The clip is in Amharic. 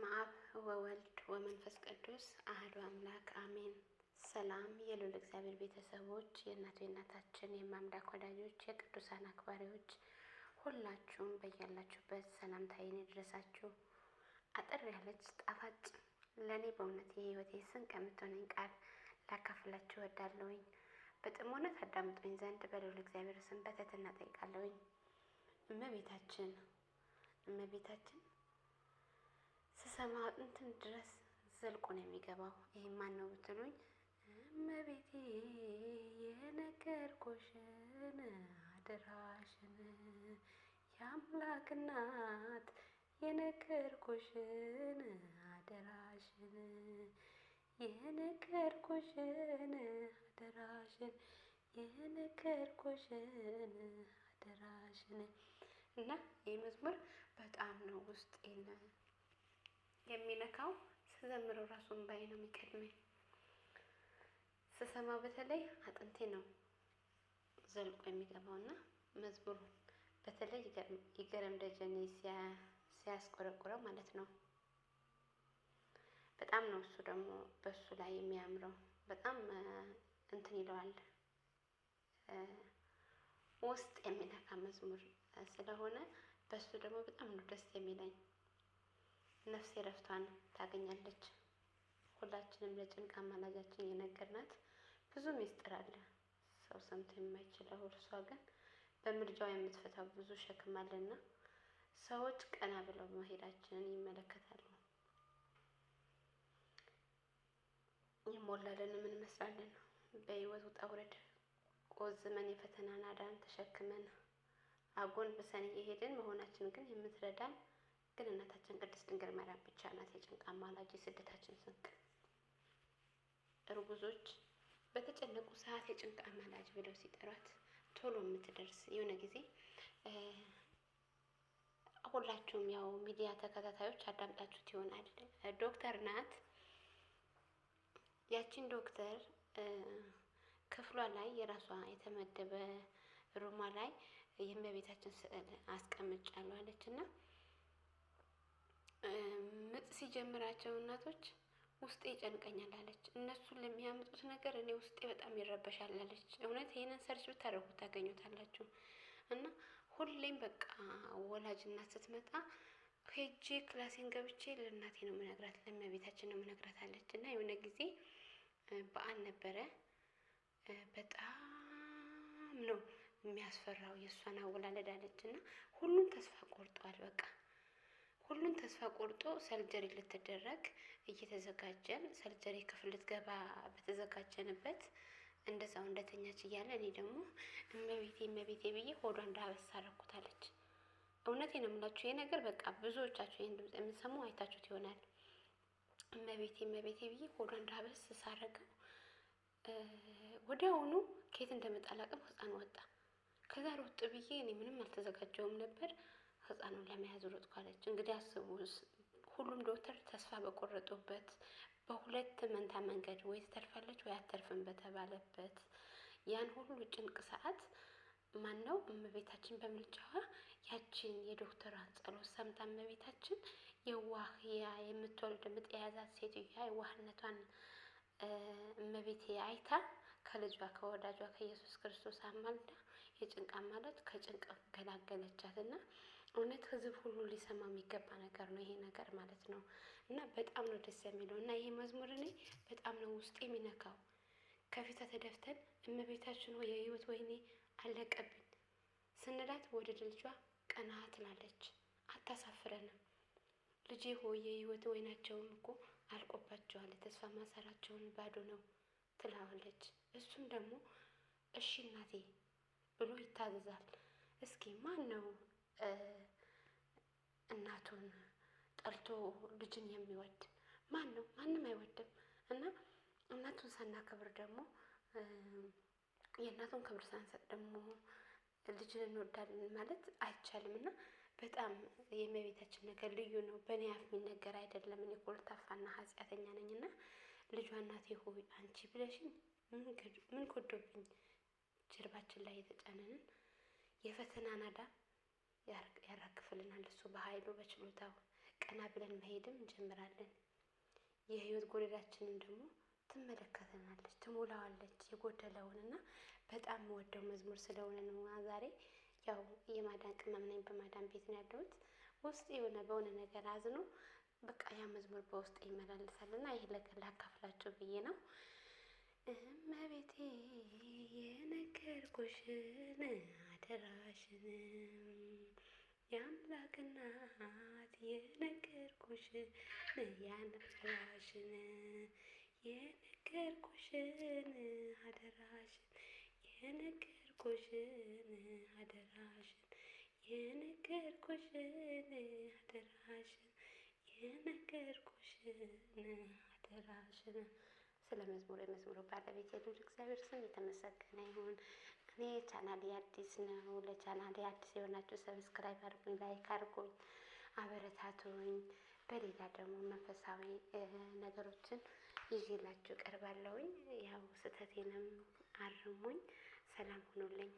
በስመ አብ ወወልድ ወመንፈስ ቅዱስ አህዶ አምላክ አሜን። ሰላም የሉል እግዚአብሔር ቤተሰቦች፣ የእናቱ የእናታችን የማምላክ ወዳጆች፣ የቅዱሳን አክባሪዎች ሁላችሁም በያላችሁበት ሰላምታዬ ይድረሳችሁ። አጠር ያለች ጣፋጭ ለእኔ በእውነት የሕይወቴ ስንቅ የምትሆነኝ ቃል ላካፍላችሁ እወዳለሁኝ። በጥሞና ታዳምጡኝ ዘንድ በልዑል እግዚአብሔር ስም በትህትና እጠይቃለሁኝ። እመቤታችን እመቤታችን ሰማ እንትን ድረስ ዘልቆ ነው የሚገባው። ይህ ማን ነው ብትሉኝ፣ እመቤቴ የነገርኩሽን አደራሽን የአምላክ እናት የነገርኩሽን አደራሽን የነገርኩሽን አደራሽን የነገርኩሽን አደራሽን እና ይህ መዝሙር በጣም ነው ውስጤን የሚነካው ስዘምረው ራሱን ባይ ነው የሚቀድመኝ። ስሰማ በተለይ አጥንቴ ነው ዘልቆ የሚገባው እና መዝሙሩ በተለይ ይገረም ደጀኔ ሲያስቆረቁረው ማለት ነው። በጣም ነው እሱ ደግሞ በሱ ላይ የሚያምረው በጣም እንትን ይለዋል ውስጥ የሚነካ መዝሙር ስለሆነ በሱ ደግሞ በጣም ነው ደስ የሚለኝ። ነፍሴ ረፍቷን ታገኛለች። ሁላችንም ለጭንቅ አማላጃችን የነገርናት ብዙ ሚስጥር አለ ሰው ሰምቶ የማይችለው እርሷ ግን በምልጃው የምትፈታው ብዙ ሸክም አለና ሰዎች ቀና ብለው መሄዳችንን ይመለከታሉ። የሞላለን ምን እንመስላለን? በህይወት ውጣ ውረድ ቆዝመን የፈተናን አዳን ተሸክመን አጎንብሰን እየሄድን መሆናችን ግን የምትረዳን ግን እናታችን ቅድስት ድንግል ማርያም ብቻ ናት የጭንቅ አማላጅ፣ የስደታችን ስንቅ። እርጉዞች በተጨነቁ ሰዓት የጭንቅ አማላጅ ብለው ሲጠሯት ቶሎ የምትደርስ የሆነ ጊዜ ሁላችሁም ያው ሚዲያ ተከታታዮች አዳምጣችሁት ይሆናል። ዶክተር ናት። ያችን ዶክተር ክፍሏ ላይ የራሷ የተመደበ ሩማ ላይ የእመቤታችን ስዕል አስቀምጫለሁ አለች እና ማምጥ ሲጀምራቸው እናቶች ውስጤ ይጨንቀኛል አለች። እነሱን ለሚያምጡት ነገር እኔ ውስጤ በጣም ይረበሻል አለች። እውነት ይህንን ሰርች ብታደርጉ ታገኙታላችሁ። እና ሁሌም በቃ ወላጅ እናት ስትመጣ ሄጄ ክላሴን ገብቼ ለእናቴ ነው ምነግራት፣ ለእመቤታችን ነው ምነግራት አለች። እና የሆነ ጊዜ በዓል ነበረ። በጣም ነው የሚያስፈራው የእሷን አወላለድ አለች። እና ሁሉም ተስፋ ቆርጠዋል በቃ ሁሉን ተስፋ ቆርጦ ሰርጀሪ ልትደረግ እየተዘጋጀን ሰርጀሪ ክፍል ልትገባ በተዘጋጀንበት እንደዛው እንደተኛች እያለ እኔ ደግሞ እመቤቴ እመቤቴ ብዬ ሆዷ እንዳበሳ አረኩታለች። እውነቴ የምላችሁ ይሄ ነገር በቃ ብዙዎቻችሁ ይህን ድምፅ የምትሰሙ አይታችሁት ይሆናል። እመቤቴ እመቤቴ ብዬ ሆዷ እንዳበስ ሳረገው ወዲያውኑ ከየት እንደመጣ አላቅም ህፃን ወጣ። ከዛ ሮጥ ብዬ እኔ ምንም አልተዘጋጀውም ነበር ህፃኑን ለመያዝ ሮጥኳለች። እንግዲህ አስቡ ሁሉም ዶክተር ተስፋ በቆረጡበት በሁለት መንታ መንገድ ወይ ትተርፋለች ወይ አተርፍም በተባለበት ያን ሁሉ ጭንቅ ሰዓት ማን ማነው እመቤታችን በምልጃዋ ያችን የዶክተሯን ጸሎት ሰምታ እመቤታችን ያ የምትወልድ ምጥ የያዛት ሴትዮዋ የዋህነቷን እመቤቴ አይታ ከልጇ ከወዳጇ ከኢየሱስ ክርስቶስ አማልዳ የጭንቅ አማላጅ ከጭንቅ ገላገለቻት እና እውነት ህዝብ ሁሉ ሊሰማ የሚገባ ነገር ነው ይሄ ነገር ማለት ነው። እና በጣም ነው ደስ የሚለው እና ይሄ መዝሙር እኔ በጣም ነው ውስጥ የሚነካው። ከፊቷ ተደፍተን እመቤታችን ሆይ የህይወት ወይኔ አለቀብን ስንላት ወደ ልጇ ቀና ትላለች፣ አታሳፍረንም። ልጄ ሆይ የህይወት ወይናቸውን እኮ አልቆባቸዋል፣ የተስፋ ማሰራቸውን ባዶ ነው ትላዋለች። እሱም ደግሞ እሺ እናቴ ብሎ ይታዘዛል። እስኪ ማን ነው እናቱን ጠልቶ ልጅን የሚወድ ማን ነው? ማንም አይወድም። እና እናቱን ሳናከብር ደግሞ የእናቱን ክብር ሳንሰጥ ደግሞ ልጅን እንወዳለን ማለት አይቻልም። እና በጣም የእመቤታችን ነገር ልዩ ነው። በእኔ አፍ የሚነገር አይደለም። እኔ ኮልታፋና ኃጢአተኛ ነኝ እና ልጇ እናቴ ሆይ አንቺ ብለሽኝ ምን ጎዶብኝ? ጀርባችን ላይ የተጫነንን የፈተና ናዳ ያራግፍልናል። እሱ በኃይሉ በችሎታው ቀና ብለን መሄድም እንጀምራለን። የህይወት ጎደላችንን ደግሞ ትመለከተናለች፣ ትሞላዋለች የጎደለውንና በጣም የምወደው መዝሙር ስለሆነ ነው። ዛሬ ያው የማዳን ቅመም ነኝ፣ በማዳን ቤት ነው ያለሁት። ውስጥ የሆነ በሆነ ነገር አዝኖ በቃ ያ መዝሙር በውስጥ ይመላልሳልና ይህ ላካፍላችሁ ብዬ ነው። እመቤቴ የነገርኩሽን አደራሽን የአምላክ እናት የነገርኩሽን ያናራሽን የነገርኩሽን አደራሽን የነገርኩሽን አደራሽን የነገርኩሽን አደራሽን የነገርኩሽን አደራሽን ስለ መዝሙር የመዝሙሩ ባለቤት የልዑል እግዚአብሔር ስም የተመሰገነ ይሁን። እኔ ቻናሌ አዲስ ነው። ለቻናሌ አዲስ የሆናችሁ ሰብስክራይብ አድርጉኝ፣ ላይክ አድርጉኝ፣ አበረታቱኝ። በሌላ ደግሞ መንፈሳዊ ነገሮችን ይዤላችሁ ቀርባለሁኝ። ያው ስህተቴንም አርሙኝ። ሰላም ሁኑልኝ።